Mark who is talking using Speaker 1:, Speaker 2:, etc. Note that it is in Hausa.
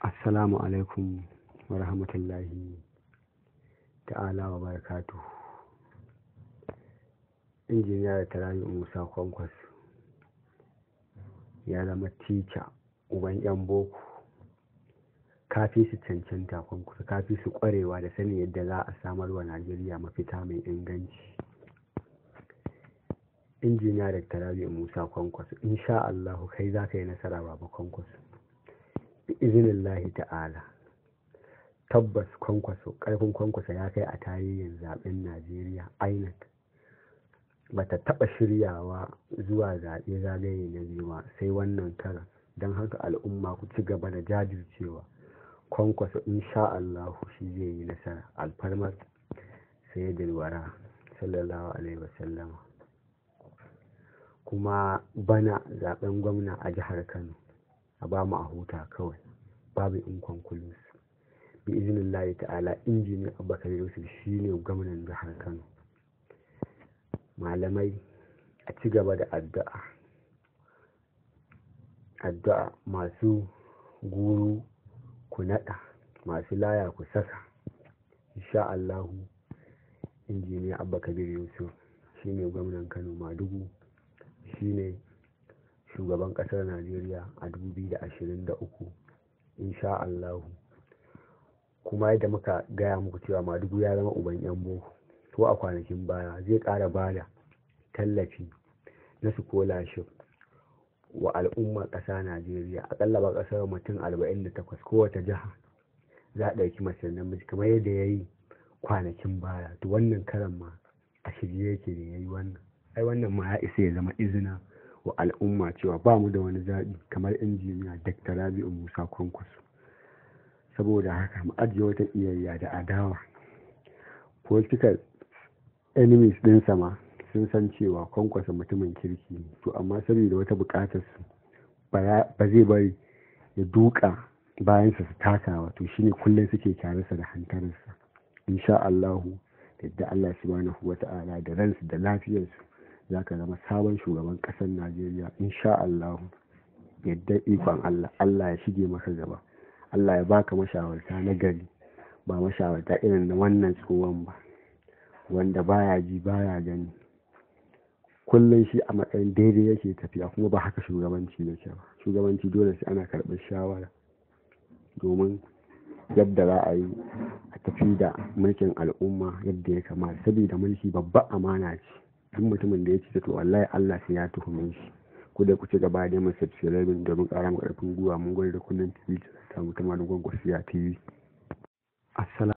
Speaker 1: assalamu alaikum wa rahmatullahi ta'ala wa barakatu injiniya da tarayi musa kwankwas ya zama tica uban yan boko kafi su cancanta kwankwas kafi su kwarewa da sanin yadda za a samar wa najeriya mafita mai inganci injiniya da tarayi musa kwankwas inshaAllahu kai za ka yi nasara baba kwankwas izinin lahi ta'ala tabbas kwankwaso ƙarfin kwankwaso ya kai a tarihin zaben najeriya inec ta taɓa shiryawa zuwa zaɓe zagaye na biyu ba sai wannan karan don haka al'umma ku ci gaba da jajircewa kwankwaso insha Allah shi zai yi nasara alfarmar ya dilwara sallallahu alaihi wasallama kuma bana zaben gwamna a jihar kano a ba mu a huta kawai babu inconclusive bi izinin layi ta'ala injiniya abubakar yusuf shine gwamnan jihar kano malamai a ci gaba da addu'a addu'a masu guru ku naɗa masu laya ku saka insha Allahu injiniya abba kabir yusuf shine gwamnan kano madugu shine shugaban ƙasar najeriya a 2023 insha Allahu kuma yadda muka gaya muku cewa madugu ya zama uban yan boko ko a kwanakin baya zai kara bada tallafi na scholarship wa al'ummar ƙasa Najeriya akalla ba ƙasar mutum 48 kowace jiha za a ɗauki mace namiji kamar yadda ya yi kwanakin baya to wannan karan ma a shirye yake da ya yi wannan ai wannan ma ya isa ya zama izina wa al'umma cewa ba mu da wani zaɓi kamar injiniya dr rabi'u musa kwankwaso saboda haka mu ajiye wata iyayya da adawa political enemies ɗin sama sun san cewa kwankwaso mutumin kirki ne to amma saboda wata buƙatar su ba zai bari ya duka bayan su taka wato shine kullum suke kyararsa da hantararsa insha Allahu da Allah subhanahu wata'ala da ransu da lafiyarsu za ka zama sabon shugaban ƙasar najeriya insha allahu yadda ikon allah allah ya shige maka gaba allah ya baka mashawarta na gari ba mashawarta irin da wannan tsohon ba wanda baya ji baya gani kullum shi a matsayin daidai yake tafiya kuma ba haka shugabanci yake ba shugabanci dole sai ana karɓar shawara domin yadda za a yi a tafi da mulkin al'umma yadda ya kamata saboda mulki babba amana ce duk mutumin da ya ce to wallahi Allah sai ya tuhume shi ku da ku ci gaba da mai subscribe domin ƙara mu ƙarfin gwiwa mun gode da kullum TV ta samu ta malam gwangwasiya TV assalamu